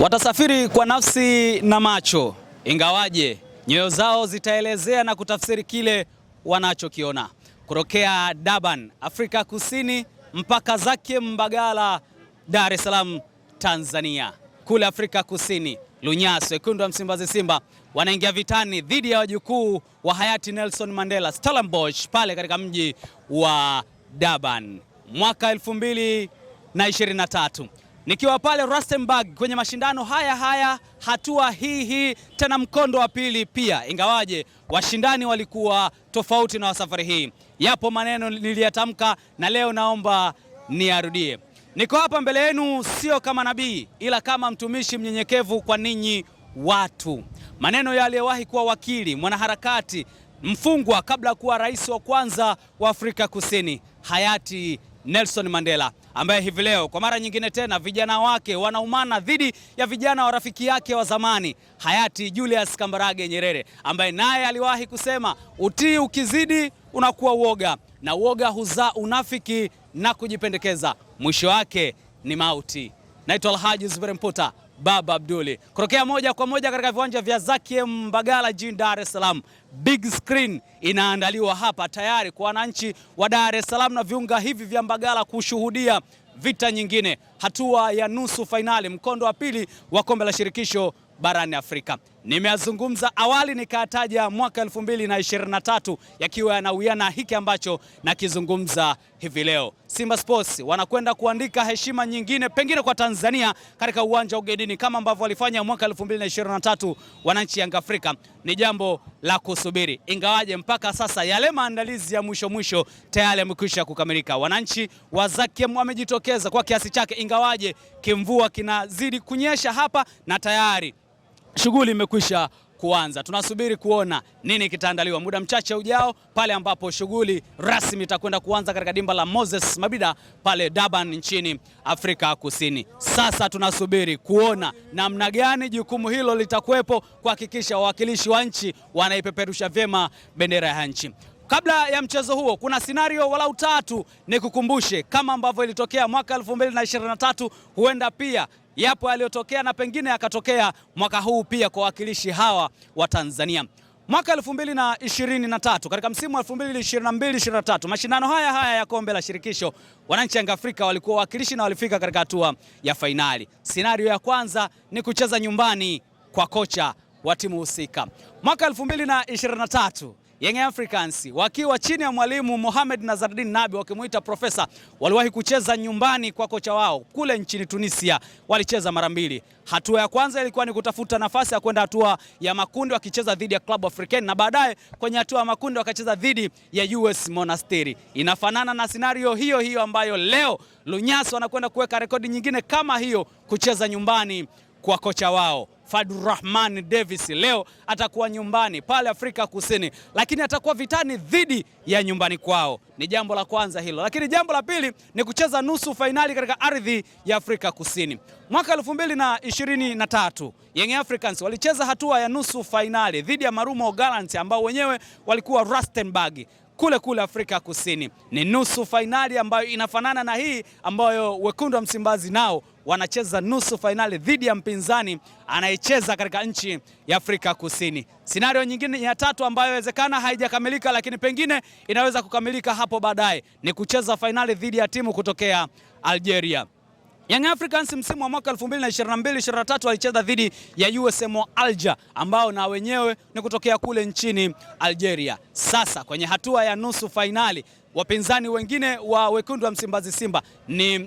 Watasafiri kwa nafsi na macho, ingawaje nyoyo zao zitaelezea na kutafsiri kile wanachokiona. Kutokea Durban, Afrika Kusini, mpaka zake Mbagala, Dar es Salaam, Tanzania. Kule Afrika Kusini, Lunyasa, wekundu wa Msimbazi Simba wanaingia vitani dhidi ya wajukuu wa hayati Nelson Mandela, Stellenbosch, pale katika mji wa Durban mwaka 2023. Nikiwa pale Rustenburg kwenye mashindano haya haya hatua hii hii tena mkondo wa pili pia, ingawaje washindani walikuwa tofauti na wasafari hii. Yapo maneno niliyatamka na leo naomba niarudie. Niko hapa mbele yenu sio kama nabii, ila kama mtumishi mnyenyekevu kwa ninyi watu. Maneno yaliyowahi kuwa wakili, mwanaharakati, mfungwa kabla ya kuwa rais wa kwanza wa Afrika Kusini, hayati Nelson Mandela ambaye hivi leo kwa mara nyingine tena vijana wake wanaumana dhidi ya vijana wa rafiki yake wa zamani hayati Julius Kambarage Nyerere ambaye naye aliwahi kusema utii ukizidi unakuwa uoga na uoga huzaa unafiki na kujipendekeza, mwisho wake ni mauti. Naitwa Alhaji Zuberi Mputa. Baba Abduli kutokea moja kwa moja katika viwanja vya Zakhiem Mbagala jijini Dar es Salaam. Big screen inaandaliwa hapa tayari kwa wananchi wa Dar es Salaam na viunga hivi vya Mbagala kushuhudia vita nyingine, hatua ya nusu fainali, mkondo wa pili wa kombe la shirikisho barani Afrika. Nimeazungumza awali nikataja mwaka 2023 yakiwa yanawiana hiki ambacho nakizungumza hivi leo. Simba Sports wanakwenda kuandika heshima nyingine pengine kwa Tanzania katika uwanja wa Ugenini kama ambavyo walifanya mwaka 2023 wananchi Yanga Afrika. Ni jambo la kusubiri, ingawaje mpaka sasa yale maandalizi ya mwisho mwisho tayari yamekwisha kukamilika. Wananchi wa Zakem wamejitokeza kwa kiasi chake, ingawaje kimvua kinazidi kunyesha hapa na tayari shughuli imekwisha kuanza. Tunasubiri kuona nini kitaandaliwa muda mchache ujao, pale ambapo shughuli rasmi itakwenda kuanza katika dimba la Moses Mabida pale Durban nchini Afrika Kusini. Sasa tunasubiri kuona namna gani jukumu hilo litakuwepo kuhakikisha wawakilishi wa nchi wanaipeperusha vyema bendera ya nchi. Kabla ya mchezo huo kuna sinario walau tatu, ni kukumbushe kama ambavyo ilitokea mwaka 2023 huenda pia yapo yaliyotokea na pengine yakatokea mwaka huu pia kwa wakilishi hawa wa Tanzania. Mwaka 2023 katika msimu wa 2022 23 mashindano haya haya ya kombe la shirikisho wananchi Yanga Afrika walikuwa wawakilishi na walifika katika hatua ya fainali. sinario ya kwanza ni kucheza nyumbani kwa kocha wa timu husika. Mwaka 2023 Young Africans wakiwa chini ya mwalimu Mohamed Nazaruddin Nabi wakimuita profesa, waliwahi kucheza nyumbani kwa kocha wao kule nchini Tunisia. Walicheza mara mbili. Hatua ya kwanza ilikuwa ni kutafuta nafasi ya kwenda hatua ya makundi wakicheza dhidi ya Club Africain, na baadaye kwenye hatua ya makundi wakacheza dhidi ya US Monasteri. Inafanana na scenario hiyo hiyo ambayo leo Lunyasi wanakwenda kuweka rekodi nyingine kama hiyo, kucheza nyumbani kwa kocha wao fadurahman Davis leo atakuwa nyumbani pale Afrika Kusini, lakini atakuwa vitani dhidi ya nyumbani kwao. Ni jambo la kwanza hilo, lakini jambo la pili ni kucheza nusu fainali katika ardhi ya Afrika Kusini. Mwaka 2023 Young Africans walicheza hatua ya nusu fainali dhidi ya Marumo Gallants ambao wenyewe walikuwa Rustenburg kule kule Afrika Kusini. Ni nusu fainali ambayo inafanana na hii ambayo wekundu wa Msimbazi nao wanacheza nusu fainali dhidi ya mpinzani anayecheza katika nchi ya Afrika Kusini. Sinario nyingine ya tatu ambayo inawezekana haijakamilika, lakini pengine inaweza kukamilika hapo baadaye, ni kucheza fainali dhidi ya timu kutokea Algeria. Young Africans msimu wa mwaka 2022 2023 walicheza dhidi ya USM Alger ambao na wenyewe ni kutokea kule nchini Algeria. Sasa kwenye hatua ya nusu fainali wapinzani wengine wa wekundu wa Msimbazi Simba ni uh,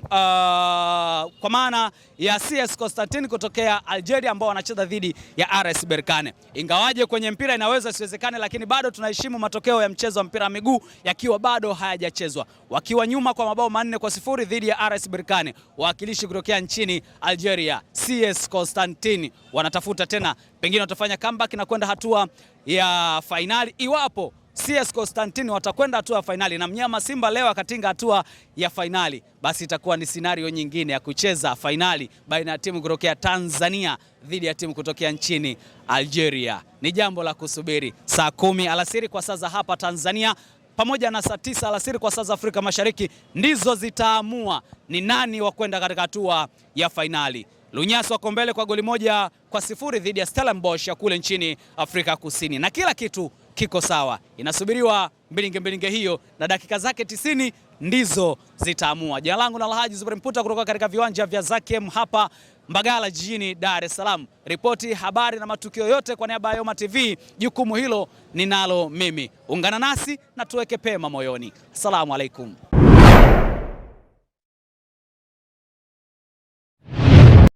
kwa maana ya CS Constantine kutokea Algeria ambao wanacheza dhidi ya RS Berkane. Ingawaje kwenye mpira inaweza siwezekane, lakini bado tunaheshimu matokeo ya mchezo wa mpira wa miguu yakiwa bado hayajachezwa. Wakiwa nyuma kwa mabao manne kwa sifuri dhidi ya RS Berkane, wawakilishi kutokea nchini Algeria CS Constantine wanatafuta tena, pengine watafanya comeback na kwenda hatua ya fainali iwapo CS Constantine watakwenda hatua ya fainali na mnyama Simba leo akatinga hatua ya fainali, basi itakuwa ni sinario nyingine ya kucheza fainali baina ya timu kutokea Tanzania dhidi ya timu kutokea nchini Algeria. Ni jambo la kusubiri. Saa kumi alasiri kwa saa za hapa Tanzania pamoja na saa tisa alasiri kwa saa za Afrika Mashariki ndizo zitaamua ni nani wa kwenda katika hatua ya fainali. Lunyasi wako mbele kwa goli moja kwa sifuri dhidi ya Stellenbosch ya kule nchini Afrika Kusini, na kila kitu kiko sawa. Inasubiriwa mbilinge mbilinge hiyo na dakika zake tisini ndizo zitaamua. Jina langu na Alhaji Zuberi Mputa kutoka katika viwanja vya Zakem hapa Mbagala jijini Dar es Salaam. Ripoti, habari na matukio yote kwa niaba ya Ayoma TV, jukumu hilo ninalo mimi. Ungana nasi na tuweke pema moyoni. Asalamu alaikum.